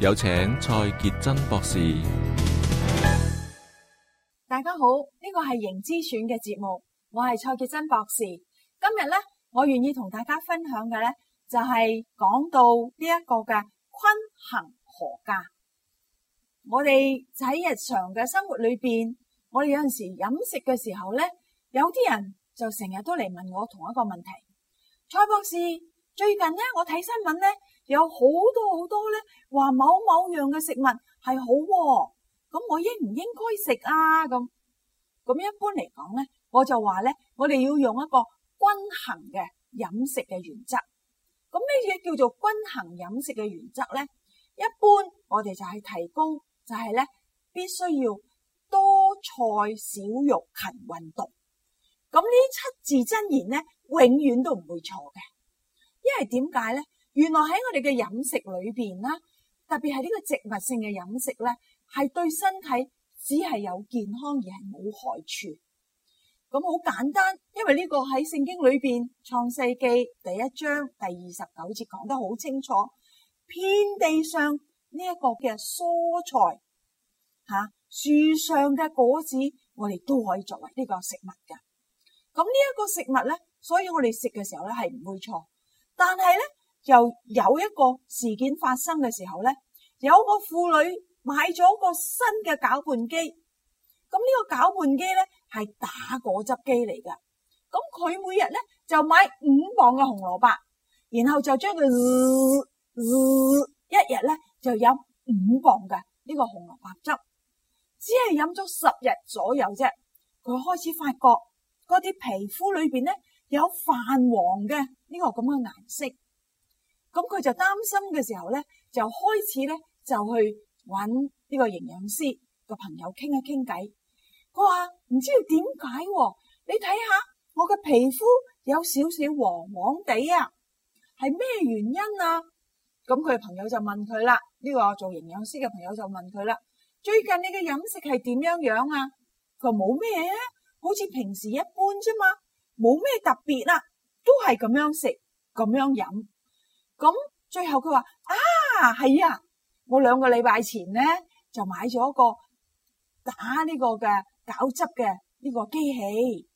有請蔡杰真博士。大家好，呢個係盈之選嘅節目，我係蔡杰真博士。今日咧，我願意同大家分享嘅咧，就係講到呢一個嘅坤行何家。我哋喺日常嘅生活裏邊，我哋有陣時飲食嘅時候咧，有啲人就成日都嚟問我同一個問題，蔡博士。最近咧，我睇新聞咧，有好多好多咧，話某某樣嘅食物係好咁，我應唔應該食啊？咁咁一般嚟講咧，我就話咧，我哋要用一個均衡嘅飲食嘅原則。咁咩嘢叫做均衡飲食嘅原則咧？一般我哋就係提供就係咧，必須要多菜少肉，勤運動。咁呢七字真言咧，永遠都唔會錯嘅。因為點解咧？原來喺我哋嘅飲食裏邊啦，特別係呢個植物性嘅飲食咧，係對身體只係有健康而係冇害處。咁好簡單，因為呢個喺聖經裏邊創世記第一章第二十九節講得好清楚，遍地上呢一個嘅蔬菜吓樹上嘅果子，我哋都可以作為呢個食物嘅。咁呢一個食物咧，所以我哋食嘅時候咧，係唔會錯。但係咧，就有一個事件發生嘅時候咧，有個婦女買咗個新嘅攪拌機，咁、這、呢個攪拌機咧係打果汁機嚟嘅。咁佢每日咧就買五磅嘅紅蘿蔔，然後就將佢、呃呃、一日咧就飲五磅嘅呢個紅蘿蔔汁，只係飲咗十日左右啫，佢開始發覺嗰啲皮膚裏邊咧。有泛黃嘅呢個咁嘅顏色，咁佢就擔心嘅時候咧，就開始咧就去搵呢個營養師個朋友傾一傾偈。佢話，唔知點解啊，你睇下我嘅皮膚有少少黃黃地啊，係咩原因啊？咁佢朋友就問佢啦，呢個做營養師嘅朋友就問佢啦，最近你嘅飲食係點樣樣啊？佢話冇咩，好似平時一般啫嘛。冇咩特別啦，都係咁樣食，咁樣飲。咁最後佢話：啊，係啊，我兩個禮拜前咧就買咗一個打呢個嘅攪汁嘅呢個機器。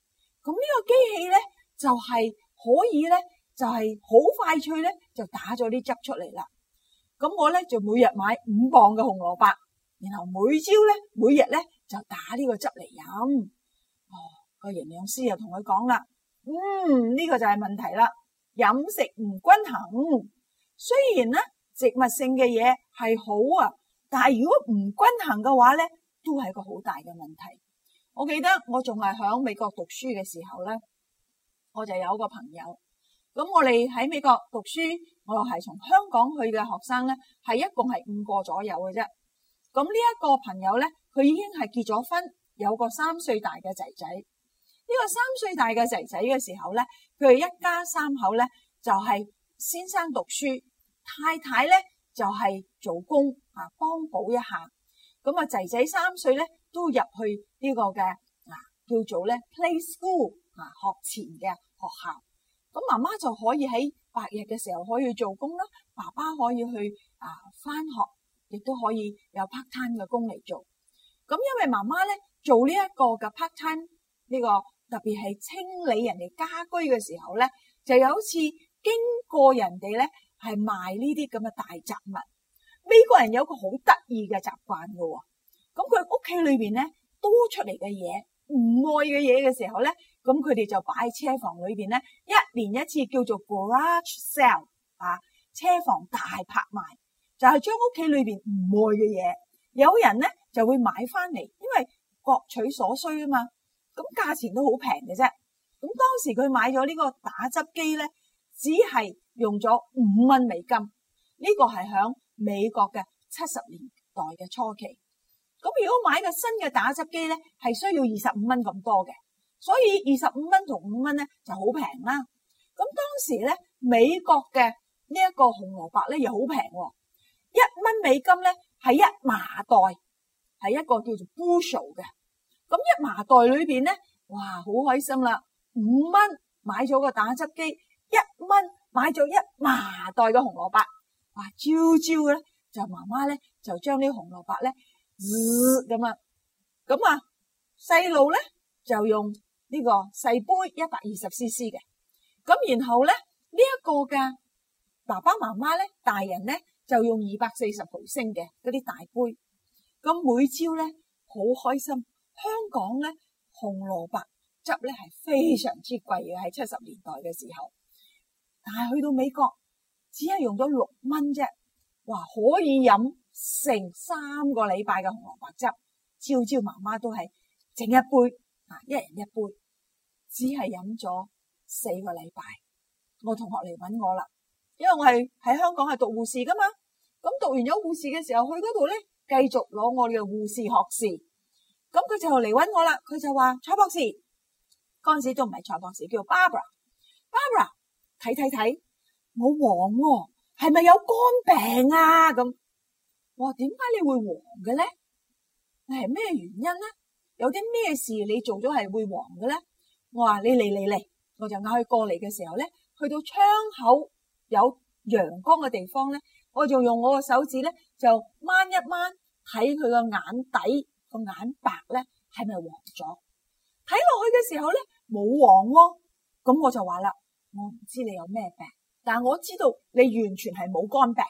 咁呢個機器咧就係可以咧就係好快脆咧就打咗啲汁出嚟啦。咁我咧就每日買五磅嘅紅蘿蔔，然後每朝咧每日咧就打呢個汁嚟飲。個營養師又同佢講啦。嗯，呢個就係問題啦。飲食唔均衡，雖然咧植物性嘅嘢係好啊，但係如果唔均衡嘅話咧，都係一個好大嘅問題。我記得我仲係喺美國讀書嘅時候咧，我就有個朋友。咁我哋喺美國讀書，我又係從香港去嘅學生咧，係一共係五個左右嘅啫。咁呢一個朋友咧，佢已經係結咗婚，有個三歲大嘅仔仔。呢個三歲大嘅仔仔嘅時候咧，佢哋一家三口咧就係先生讀書，太太咧就係做工啊，幫補一下。咁啊仔仔三歲咧都入去呢個嘅啊叫做咧 play school 啊學前嘅學校。咁媽媽就可以喺白日嘅時候可以去做工啦，爸爸可以去啊翻學，亦都可以有 part time 嘅工嚟做。咁因為媽媽咧做呢一個嘅 part time 呢個。特別係清理人哋家居嘅時候咧，就有一次經過人哋咧係賣呢啲咁嘅大雜物。美國人有個好得意嘅習慣噶，咁佢屋企裏邊咧多出嚟嘅嘢，唔愛嘅嘢嘅時候咧，咁佢哋就擺喺車房裏邊咧，一年一次叫做 garage sale 啊，車房大拍賣，就係將屋企裏邊唔愛嘅嘢，有人咧就會買翻嚟，因為各取所需啊嘛。咁價錢都好平嘅啫。咁當時佢買咗呢個打汁機咧，只係用咗五蚊美金。呢個係喺美國嘅七十年代嘅初期。咁如果買個新嘅打汁機咧，係需要二十五蚊咁多嘅。所以二十五蚊同五蚊咧就好平啦。咁當時咧，美國嘅呢一個紅蘿蔔咧又好平喎，一蚊美金咧係一麻袋，係一個叫做 bushel 嘅。咁一麻袋裏邊咧，哇，好開心啦！五蚊買咗個打汁機，一蚊買咗一麻袋嘅紅蘿蔔，話朝朝嘅，就媽媽咧就將啲紅蘿蔔咧嗞咁啊，咁啊細路咧就用呢個細杯一百二十 c.c. 嘅，咁然後咧呢一個嘅爸爸媽媽咧大人咧就用二百四十毫升嘅嗰啲大杯，咁每朝咧好開心。香港咧紅蘿蔔汁咧係非常之貴嘅，喺七十年代嘅時候。但係去到美國，只係用咗六蚊啫，哇！可以飲成三個禮拜嘅紅蘿蔔汁。朝朝媽媽都係整一杯啊，一人一杯，只係飲咗四個禮拜。我同學嚟搵我啦，因為我係喺香港係讀護士噶嘛，咁讀完咗護士嘅時候去嗰度咧，繼續攞我哋嘅護士學士。咁佢就嚟揾我啦，佢就話蔡博士，嗰陣時仲唔係蔡博士，叫 Barbara，Barbara，睇睇睇，我黃喎、哦，係咪有肝病啊？咁，我話點解你會黃嘅咧？你係咩原因咧？有啲咩事你做咗係會黃嘅咧？我話你嚟嚟嚟，我就嗌佢過嚟嘅時候咧，去到窗口有陽光嘅地方咧，我就用我個手指咧就掹一掹，睇佢個眼底，個眼白咧係咪黃咗？睇落去嘅時候咧冇黃喎，咁我就話啦，我唔知你有咩病，但我知道你完全係冇肝病，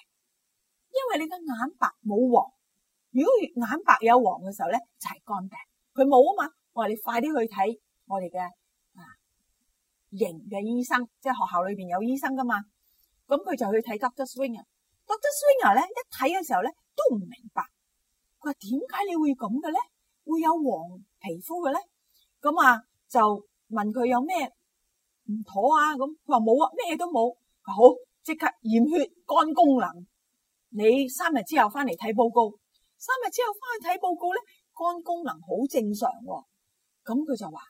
因為你嘅眼白冇黃。如果眼白有黃嘅時候咧，就係肝病。佢冇啊嘛，我話你快啲去睇我哋嘅啊型嘅醫生，即係學校裏邊有醫生噶嘛，咁佢就去睇 Doctor Swinger。Doctor Swinger 咧一睇嘅時候咧都唔明白。佢話點解你會咁嘅咧？會有黃皮膚嘅咧？咁啊就問佢有咩唔妥啊？咁佢話冇啊，咩都冇。好，即刻驗血肝功能。你三日之後翻嚟睇報告，三日之後翻去睇報告咧，肝功能好正常。咁佢就話：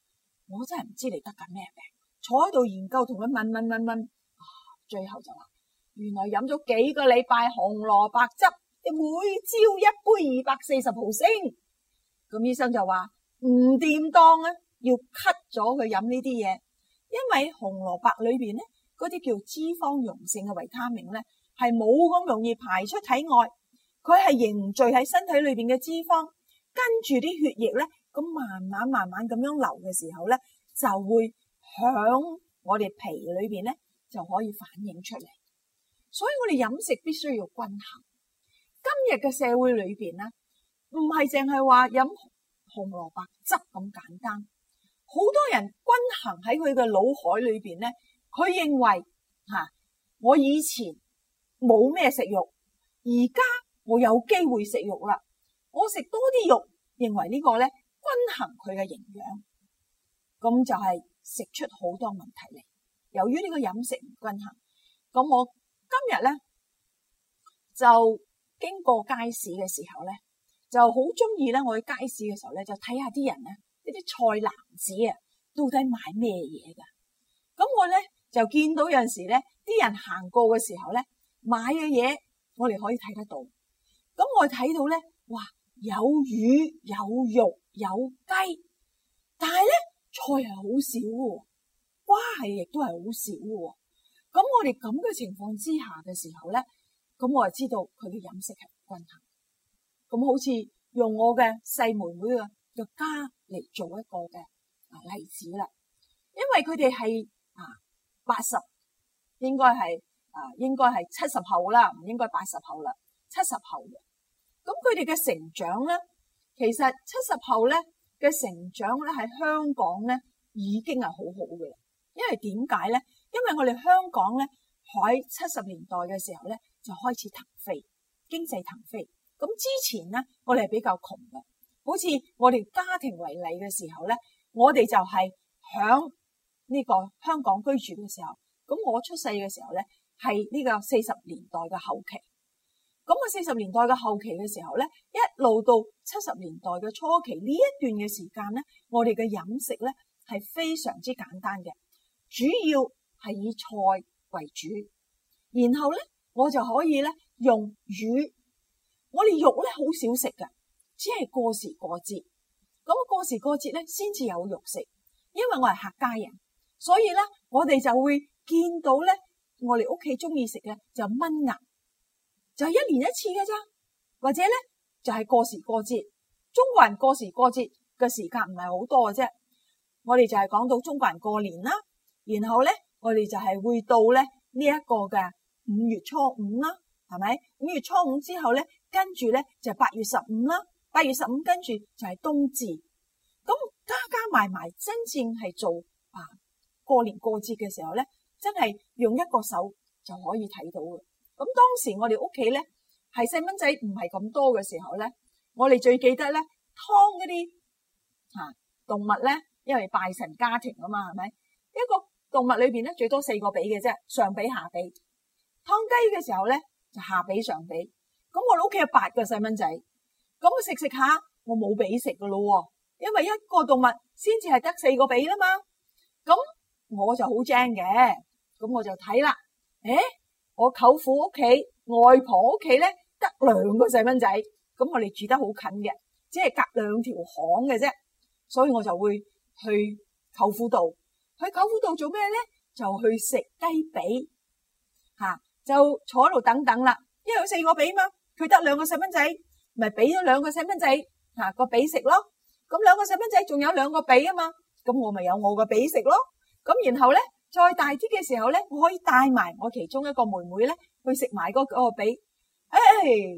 我真係唔知你得緊咩病。坐喺度研究，同佢問問問問，啊，最後就話原來飲咗幾個禮拜紅蘿蔔汁。你每朝一杯二百四十毫升，咁醫生就話唔掂當啊，要 cut 咗佢飲呢啲嘢，因為紅蘿蔔裏邊咧嗰啲叫脂肪溶性嘅維他命咧，係冇咁容易排出體外，佢係凝聚喺身體裏邊嘅脂肪，跟住啲血液咧咁慢慢慢慢咁樣流嘅時候咧，就會響我哋皮裏邊咧就可以反映出嚟，所以我哋飲食必須要均衡。今日嘅社會裏邊咧，唔係淨係話飲紅蘿蔔汁咁簡單，好多人均衡喺佢嘅腦海裏邊咧，佢認為吓、啊、我以前冇咩食肉，而家我有機會食肉啦，我食多啲肉，認為呢個咧均衡佢嘅營養，咁就係食出好多問題嚟。由於呢個飲食唔均衡，咁我今日咧就。經過街市嘅時候咧，就好中意咧。我去街市嘅時候咧，就睇下啲人咧，呢啲菜籃子啊，到底買咩嘢噶？咁我咧就見到有陣時咧，啲人行過嘅時候咧，買嘅嘢，我哋可以睇得到。咁我睇到咧，哇，有魚有肉有雞，但係咧菜係好少，瓜係亦都係好少。咁我哋咁嘅情況之下嘅時候咧。咁我就知道佢嘅飲食係均衡，咁好似用我嘅細妹妹嘅嘅家嚟做一個嘅例子啦，因為佢哋係啊八十，應該係啊應該係七十後啦，唔應該八十後啦，七十後嘅。咁佢哋嘅成長咧，其實七十後咧嘅成長咧，喺香港咧已經係好好嘅啦，因為點解咧？因為我哋香港咧喺七十年代嘅時候咧。就開始騰飛，經濟騰飛。咁之前咧，我哋係比較窮嘅，好似我哋家庭為例嘅時候咧，我哋就係響呢個香港居住嘅時候。咁我出世嘅時候咧，係呢個四十年代嘅後期。咁、嗰個四十年代嘅後期嘅時候咧，一路到七十年代嘅初期呢一段嘅時間咧，我哋嘅飲食咧係非常之簡單嘅，主要係以菜為主，然後咧。我就可以咧用魚，我哋肉咧好少食嘅，只係過時過節。咁過時過節咧先至有肉食，因為我係客家人，所以咧我哋就會見到咧我哋屋企中意食嘅就炆鴨，就係一年一次嘅啫。或者咧就係過時過節，中國人過時過節嘅時間唔係好多嘅啫。我哋就係講到中國人過年啦，然後咧我哋就係會到咧呢一個嘅。五月初五啦，係咪？五月初五之後咧，跟住咧就係八月十五啦。八月十五跟住就係冬至，咁加加埋埋，真正係做啊過年過節嘅時候咧，真係用一個手就可以睇到嘅。咁當時我哋屋企咧，係細蚊仔唔係咁多嘅時候咧，我哋最記得咧，劏嗰啲吓動物咧，因為拜神家庭啊嘛，係咪？一個動物裏邊咧最多四個髀嘅啫，上髀下髀。燙雞嘅時候咧，就下髀上髀。咁我屋企有八個細蚊仔，咁我食食下我冇髀食噶咯喎因為一個動物先至係得四個髀啦嘛。咁我就好正嘅，咁我就睇啦。誒，我舅父屋企、外婆屋企咧，得兩個細蚊仔。咁我哋住得好近嘅，只係隔兩條巷嘅啫。所以我就會去舅父度，去舅父度做咩咧？就去食雞髀。就坐喺度等等啦，因為有四個俾嘛，佢得兩個細蚊仔，咪俾咗兩個細蚊仔，吓個俾食咯。咁兩個細蚊仔仲有兩個俾啊嘛，咁我咪有我個俾食咯。咁然後咧再大啲嘅時候咧，我可以帶埋我其中一個妹妹咧去食埋個個俾。誒，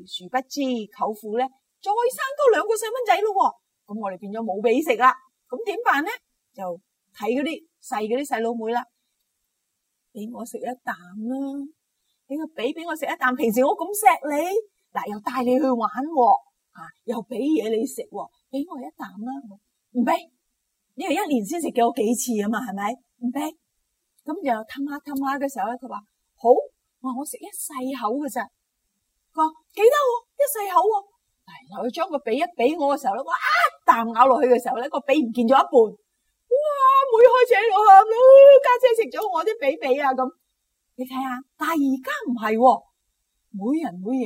殊不知舅父咧再生多兩個細蚊仔咯，咁我哋變咗冇俾食啦。咁點辦咧？就睇嗰啲細嗰啲細佬妹啦，俾我食一啖啦。你個髀俾我食一啖，平時我咁錫你，嗱又帶你去玩喎，又俾嘢你食喎，俾我一啖啦，唔俾，因為一年先食幾多幾次啊嘛，係咪？唔俾，咁又氹下氹下嘅時候咧，佢話好，我話我食一細口嘅咋。佢話幾多？一細口喎，嗱又去將個髀一俾我嘅時候咧，我一啖咬落去嘅時候咧，個髀唔見咗一半，哇妹開始喺度喊咯，家姐食咗我啲髀髀啊咁。你睇下，但係而家唔係，每人每役，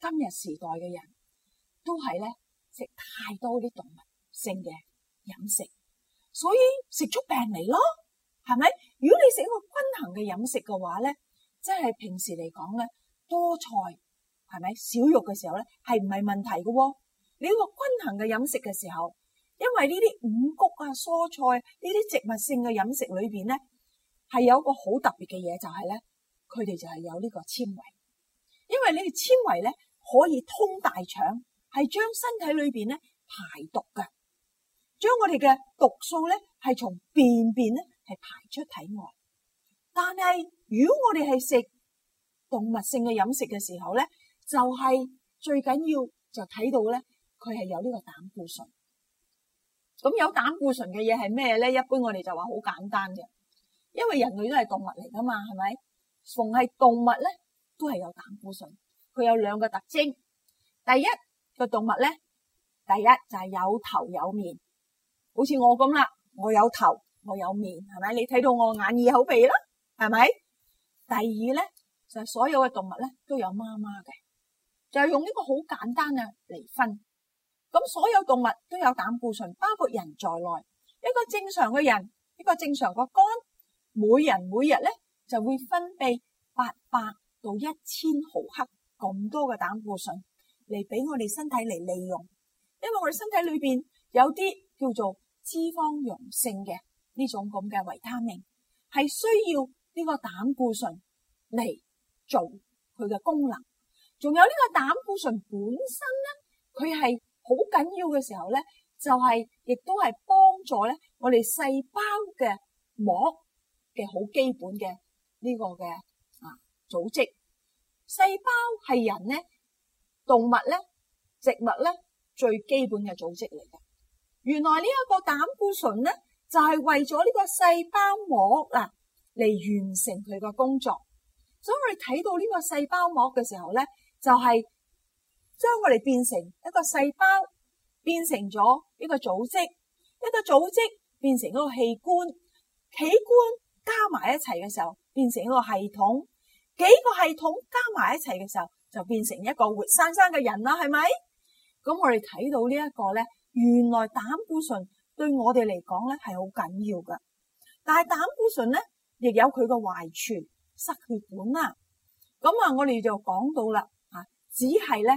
今日時代嘅人都係咧食太多啲動物性嘅飲食，所以食出病嚟咯，係咪？如果你食一個均衡嘅飲食嘅話咧，即係平時嚟講咧，多菜係咪少肉嘅時候咧，係唔係問題嘅喎？你一個均衡嘅飲食嘅時候，因為呢啲五穀啊、蔬菜呢啲植物性嘅飲食裏邊咧。係有一個好特別嘅嘢，就係咧，佢哋就係有呢個纖維，因為你嘅纖維咧可以通大腸，係將身體裏邊咧排毒嘅，將我哋嘅毒素咧係從便便咧係排出體外。但係如果我哋係食動物性嘅飲食嘅時候咧，就係最緊要就睇到咧，佢係有呢個膽固醇。咁有膽固醇嘅嘢係咩咧？一般我哋就話好簡單嘅。因為人類都係動物嚟噶嘛，係咪？逢係動物咧，都係有膽固醇。佢有兩個特徵，第一個動物咧，第一就係有頭有面，好似我咁啦，我有頭，我有面，係咪？你睇到我眼耳口鼻啦，係咪？第二咧，就係所有嘅動物咧，都有媽媽嘅，就係用呢個好簡單嘅嚟分。咁所有動物都有膽固醇，包括人在內。一個正常嘅人，一個正常個肝。每人每日咧就會分泌八百到一千毫克咁多嘅膽固醇嚟俾我哋身體嚟利用，因為我哋身體裏邊有啲叫做脂肪溶性嘅呢種咁嘅維他命，係需要呢個膽固醇嚟做佢嘅功能。仲有呢個膽固醇本身咧，佢係好緊要嘅時候咧，就係亦都係幫助咧我哋細胞嘅膜。嘅好基本嘅呢個嘅啊組織細胞係人咧、動物咧、植物咧最基本嘅組織嚟嘅。原來呢一個膽固醇咧就係為咗呢個細胞膜啦，嚟完成佢嘅工作。所以我哋睇到呢個細胞膜嘅時候咧，就係將我哋變成一個細胞，變成咗一個組織，一個組織變成一個器官，器官。加埋一齊嘅時候，變成一個系統。幾個系統加埋一齊嘅時候，就變成一個活生生嘅人啦，係咪？咁我哋睇到呢、這、一個咧，原來膽固醇對我哋嚟講咧係好緊要噶。但係膽固醇咧，亦有佢嘅壞處，失血管啊。咁啊，我哋就講到啦，吓只係咧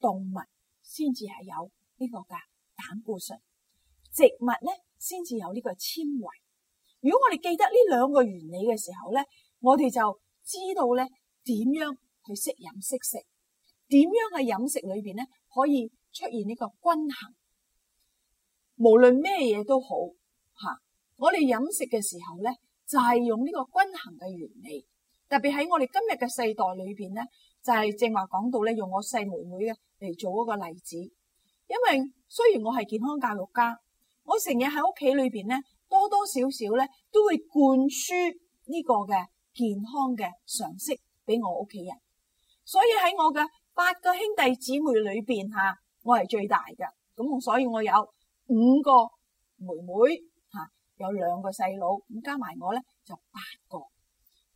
動物先至係有呢個噶，膽固醇。植物咧先至有呢個纖維。如果我們記得這兩個原理的時候呢，我們就知道呢，怎樣去識飲識食。怎樣在飲食裏面呢，可以出現這個均衡。無論什麼東西都好吓，我們飲食的時候呢，就是用這個均衡的原理。特別在我們今日的世代裏面呢，就是正話講到呢，用我細妹妹來做一個例子。因為，雖然我是健康教育家，我成日在家裏面呢，多多少少咧，都會灌輸呢個嘅健康嘅常識俾我屋企人，所以喺我嘅八個兄弟姊妹裏邊吓，我係最大嘅，咁所以我有五個妹妹吓，有兩個細佬，咁加埋我咧就八個。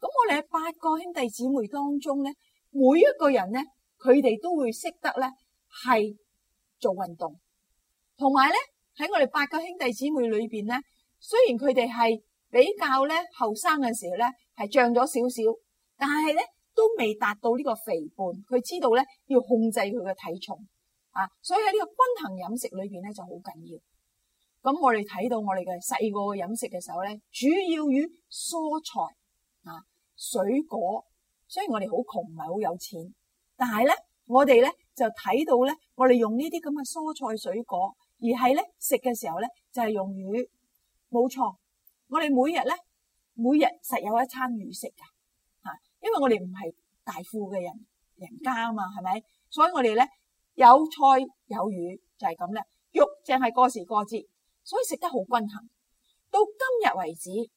咁我哋喺八個兄弟姊妹當中咧，每一個人咧，佢哋都會識得咧係做運動，同埋咧喺我哋八個兄弟姊妹裏邊咧。雖然佢哋係比較咧後生嘅時候咧係漲咗少少，但係咧都未達到呢個肥胖。佢知道咧要控制佢嘅體重啊，所以喺呢個均衡飲食裏邊咧就好緊要。咁我哋睇到我哋嘅細個嘅飲食嘅時候咧，主要與蔬菜啊、水果。雖然我哋好窮唔係好有錢，但係咧我哋咧就睇到咧我哋用呢啲咁嘅蔬菜水果，而係咧食嘅時候咧就係用魚。冇錯，我哋每日咧，每日實有一餐魚食噶吓，因為我哋唔係大富嘅人人家啊嘛，係咪？所以我哋咧有菜有魚就係咁咧，肉淨係過時過節，所以食得好均衡。到今日為止，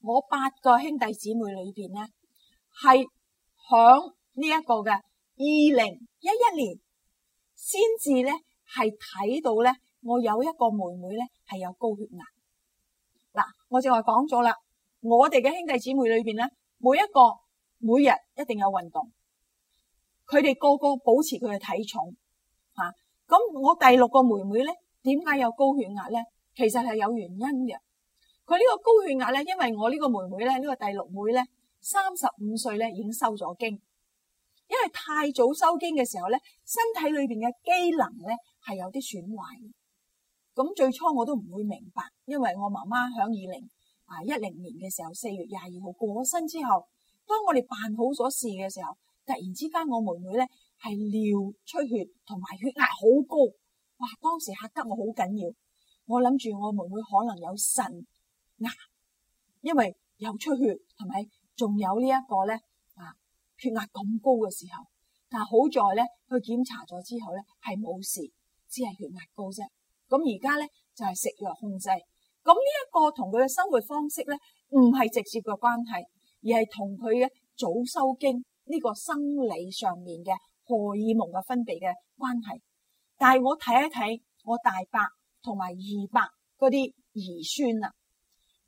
我八個兄弟姊妹裏邊咧，係響呢一個嘅二零一一年先至咧係睇到咧，我有一個妹妹咧係有高血壓。嗱，我正話講咗啦，我哋嘅兄弟姊妹裏邊咧，每一個每日一定有運動，佢哋個個保持佢嘅體重，吓，咁我第六個妹妹咧，點解有高血壓咧？其實係有原因嘅，佢呢個高血壓咧，因為我呢個妹妹咧，呢個第六妹咧，三十五歲咧已經收咗經，因為太早收經嘅時候咧，身體裏邊嘅機能咧係有啲損壞。咁最初我都唔會明白，因為我媽媽響二零啊一零年嘅時候四月廿二號過咗身之後，當我哋辦好咗事嘅時候，突然之間我妹妹咧係尿出血同埋血壓好高，哇！當時嚇得我好緊要，我諗住我妹妹可能有腎壓，因為有出血係咪？仲有呢一個咧啊血壓咁高嘅時候，但係好在咧，佢檢查咗之後咧係冇事，只係血壓高啫。咁而家咧就係食藥控制，咁呢一個同佢嘅生活方式咧唔係直接嘅關係，而係同佢嘅早收經呢個生理上面嘅荷爾蒙嘅分泌嘅關係。但係我睇一睇我大伯同埋二伯嗰啲兒孫啊，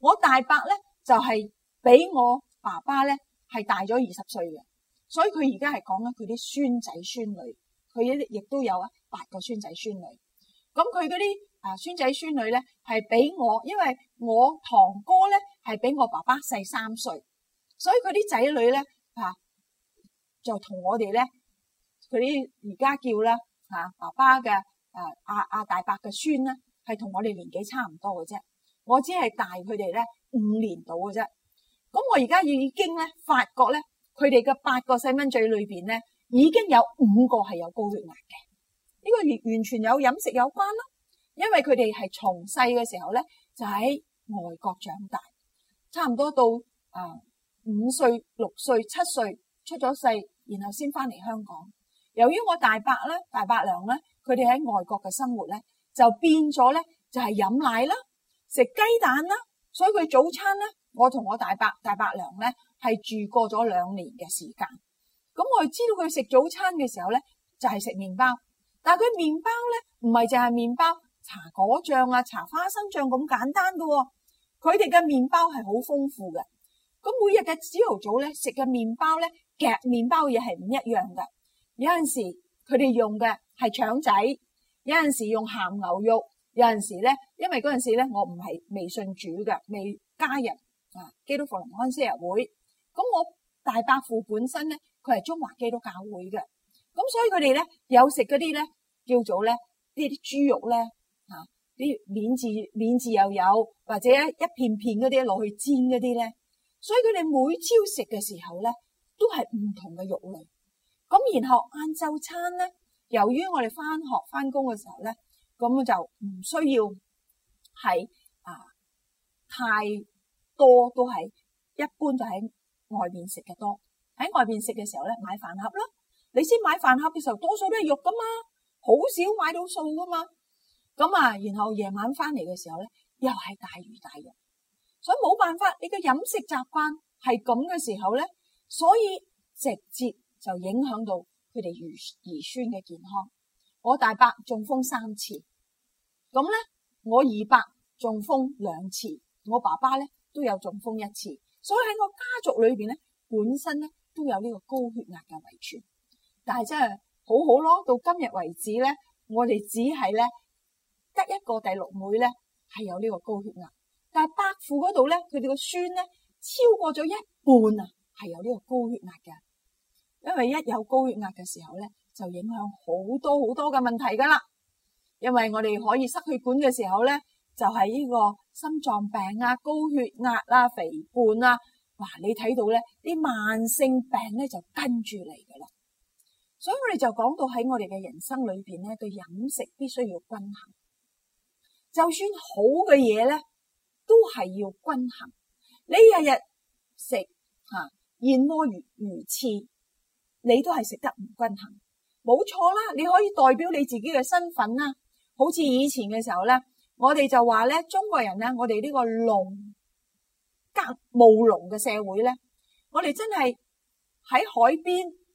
我大伯咧就係比我爸爸咧係大咗二十歲嘅，所以佢而家係講緊佢啲孫仔孫女，佢亦亦都有啊八個孫仔孫女。咁佢嗰啲啊孫仔孫女咧，係比我，因為我堂哥咧係比我爸爸細三歲，所以佢啲仔女咧嚇就同我哋咧，佢啲而家叫啦嚇爸爸嘅啊阿阿大伯嘅孫咧，係同我哋年紀差唔多嘅啫，我只係大佢哋咧五年到嘅啫。咁我而家已經咧發覺咧，佢哋嘅八個細蚊仔裏邊咧，已經有五個係有高血壓嘅。呢個完完全有飲食有關啦，因為佢哋係從細嘅時候咧，就喺外國長大，差唔多到啊五歲、六歲、七歲出咗世，然後先翻嚟香港。由於我大伯咧、大伯娘咧，佢哋喺外國嘅生活咧，就變咗咧就係飲奶啦、食雞蛋啦，所以佢早餐咧，我同我大伯、大伯娘咧係住過咗兩年嘅時間。咁我係知道佢食早餐嘅時候咧，就係食麵包。但係佢麵包咧，唔係淨係麵包、搽果醬啊、搽花生醬咁簡單噶、哦。佢哋嘅麵包係好豐富嘅。咁每日嘅朝頭早咧，食嘅麵包咧，夾麵包嘢係唔一樣嘅。有陣時佢哋用嘅係腸仔，有陣時用鹹牛肉，有陣時咧，因為嗰陣時咧我唔係未信主嘅，未加入啊基督復臨安息日會。咁我大伯父本身咧，佢係中華基督教會嘅。咁所以佢哋咧有食嗰啲咧，叫做咧，呢啲豬肉咧，嚇啲免治免治又有，或者一片片嗰啲落去煎嗰啲咧。所以佢哋每朝食嘅時候咧，都係唔同嘅肉類。咁然後晏晝餐咧，由於我哋返學返工嘅時候咧，咁就唔需要係啊太多，都係一般就喺外面食嘅多。喺外面食嘅時候咧，買飯盒咯。你先買飯盒嘅時候，多數都係肉噶嘛，好少買到素噶嘛。咁啊，然後夜晚返嚟嘅時候咧，又係大魚大肉，所以冇辦法。你嘅飲食習慣係咁嘅時候咧，所以直接就影響到佢哋兒兒孫嘅健康。我大伯中風三次，咁咧我二伯中風兩次，我爸爸咧都有中風一次，所以喺我家族裏邊咧，本身咧都有呢個高血壓嘅遺傳。但係真係好好咯，到今日為止咧，我哋只係咧得一個第六妹咧，係有呢個高血壓。但係伯父嗰度咧，佢哋個孫咧超過咗一半啊，係有呢個高血壓嘅。因為一有高血壓嘅時候咧，就影響好多好多嘅問題噶啦。因為我哋可以失血管嘅時候咧，就係呢個心臟病啊、高血壓啦、肥胖啦。嗱，你睇到咧啲慢性病咧，就跟住嚟噶啦。所以我哋就講到喺我哋嘅人生裏邊咧，對飲食必須要均衡。就算好嘅嘢咧，都係要均衡。你日日食吓燕窩魚魚翅，你都係食得唔均衡。冇錯啦，你可以代表你自己嘅身份啦。好似以前嘅時候咧，我哋就話咧，中國人咧，我哋呢個農耕務農嘅社會咧，我哋真係喺海邊。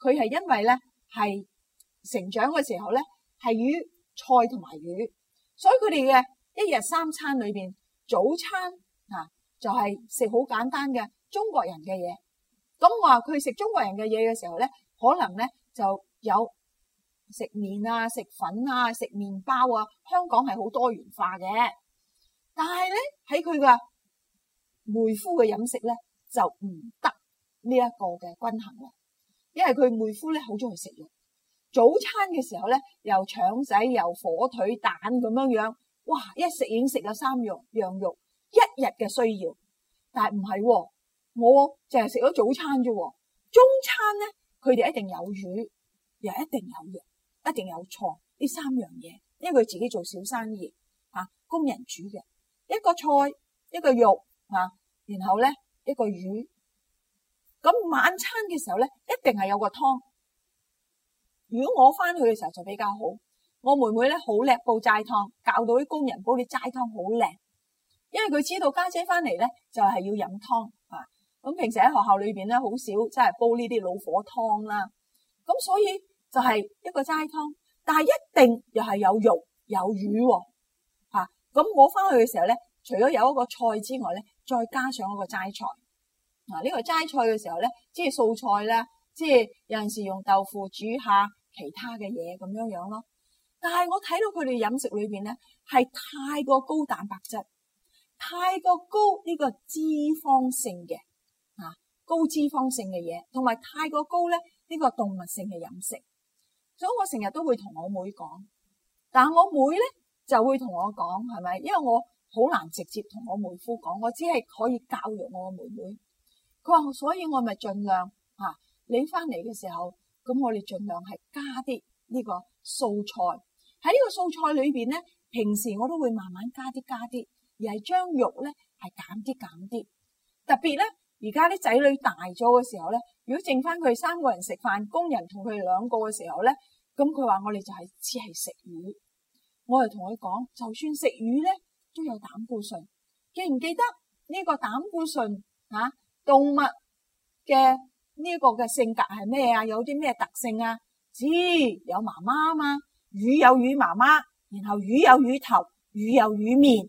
佢係因為咧，係成長嘅時候咧，係魚菜同埋魚，所以佢哋嘅一日三餐裏邊，早餐啊就係食好簡單嘅中國人嘅嘢。咁我話佢食中國人嘅嘢嘅時候咧，可能咧就有食麵啊、食粉啊、食麵包啊。香港係好多元化嘅，但係咧喺佢嘅梅夫嘅飲食咧，就唔得呢一個嘅均衡啦。因為佢妹夫咧好中意食肉，早餐嘅時候咧又腸仔又火腿蛋咁樣樣，哇！一食已經食咗三樣羊肉，一日嘅需要，但係唔係喎，我淨係食咗早餐啫。中餐咧，佢哋一定有魚，又一定有肉，一定有菜，呢三樣嘢，因為佢自己做小生意，吓，工人煮嘅一個菜，一個肉啊，然後咧一個魚。咁晚餐嘅時候咧，一定係有個湯。如果我翻去嘅時候就比較好，我妹妹咧好叻煲齋湯，教到啲工人煲啲齋湯好靚。因為佢知道家姐翻嚟咧就係要飲湯啊。咁平時喺學校裏邊咧好少即係煲呢啲老火湯啦。咁所以就係一個齋湯，但係一定又係有肉有魚喎。吓，咁我翻去嘅時候咧，除咗有一個菜之外咧，再加上一個齋菜。嗱，呢個齋菜嘅時候咧，即係素菜啦，即係有陣時用豆腐煮下其他嘅嘢咁樣樣咯。但係我睇到佢哋飲食裏邊咧，係太過高蛋白質，太過高呢個脂肪性嘅啊，高脂肪性嘅嘢，同埋太過高咧呢個動物性嘅飲食。所以，我成日都會同我妹講，但係我妹咧就會同我講係咪？因為我好難直接同我妹夫講，我只係可以教育我妹妹。佢話，所以我咪盡量吓，你翻嚟嘅時候，咁我哋盡量係加啲呢個素菜。喺呢個素菜裏邊咧，平時我都會慢慢加啲加啲，而係將肉咧係減啲減啲。特別咧，而家啲仔女大咗嘅時候咧，如果剩翻佢三個人食飯，工人同佢哋兩個嘅時候咧，咁佢話我哋就係只係食魚。我就同佢講，就算食魚咧都有膽固醇，記唔記得呢個膽固醇啊？動物嘅呢個嘅性格係咩啊？有啲咩特性啊？知有媽媽嘛？魚有魚媽媽，然後魚有魚頭，魚有魚面，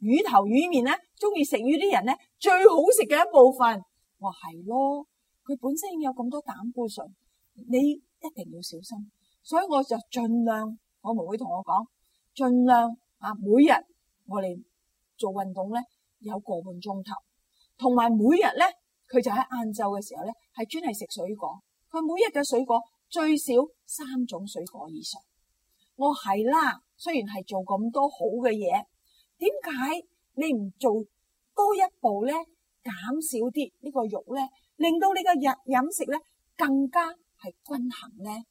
魚頭魚面咧，中意食魚啲人咧，最好食嘅一部分，我係咯，佢本身有咁多膽固醇，你一定要小心，所以我就盡量，我唔會同我講，盡量啊，每日我哋做運動咧有個半鐘頭。同埋每日咧，佢就喺晏晝嘅時候咧，係專係食水果。佢每日嘅水果最少三種水果以上。我係啦，雖然係做咁多好嘅嘢，點解你唔做多一步咧？減少啲呢個肉咧，令到你嘅飲飲食咧更加係均衡咧。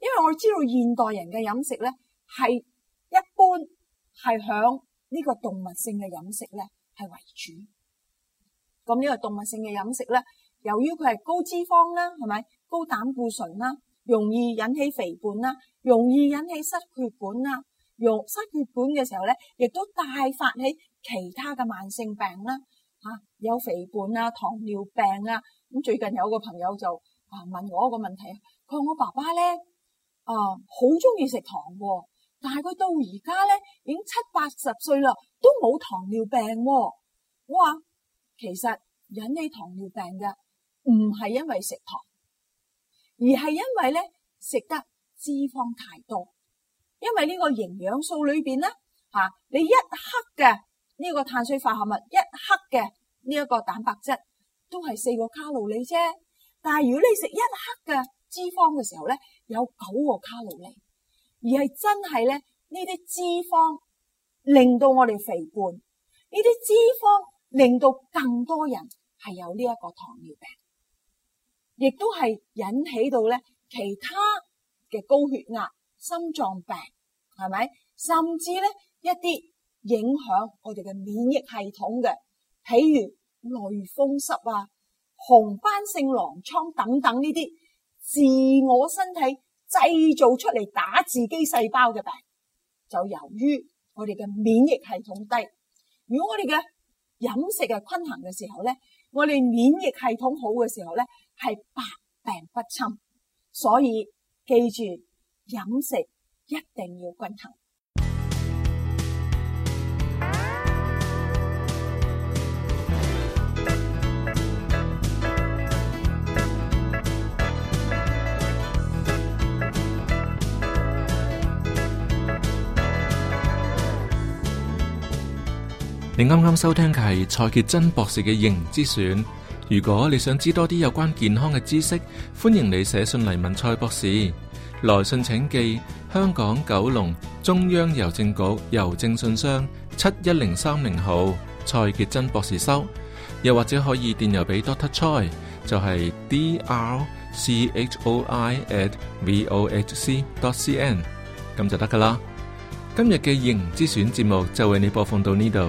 因為我知道現代人嘅飲食咧係一般係響呢個動物性嘅飲食咧係為主。咁呢個動物性嘅飲食咧，由於佢係高脂肪啦，係咪？高膽固醇啦，容易引起肥胖啦，容易引起失血管啦。容失血管嘅時候咧，亦都帶發起其他嘅慢性病啦。吓，有肥胖啊，糖尿病啊。咁最近有個朋友就啊問我一個問題，佢話我爸爸咧啊好中意食糖，但係佢到而家咧已經七八十歲啦，都冇糖尿病喎。我話。其實引起糖尿病嘅唔係因為食糖，而係因為咧食得脂肪太多。因為呢個營養素裏邊咧，吓、啊、你一克嘅呢個碳水化合物，一克嘅呢一個蛋白質都係四個卡路里啫。但係如果你食一克嘅脂肪嘅時候咧，有九個卡路里。而係真係咧，呢啲脂肪令到我哋肥胖，呢啲脂肪。令到更多人係有呢一個糖尿病，亦都係引起到咧其他嘅高血壓、心臟病，係咪？甚至咧一啲影響我哋嘅免疫系統嘅，譬如類風濕啊、紅斑性狼瘡等等呢啲自我身體製造出嚟打自己細胞嘅病，就由於我哋嘅免疫系統低，如果我哋嘅。飲食嘅均衡嘅時候咧，我哋免疫系統好嘅時候咧，係百病不侵。所以記住，飲食一定要均衡。啱啱收聽嘅係蔡杰真博士嘅《形之選》。如果你想知多啲有關健康嘅知識，歡迎你寫信嚟問蔡博士。來信請寄香港九龍中央郵政局郵政信箱七一零三零號，蔡杰真博士收。又或者可以電郵俾 Doctor Choi，就係 D R C H O I at v o h c dot c n，咁就得噶啦。今日嘅《形之選》節目就為你播放到呢度。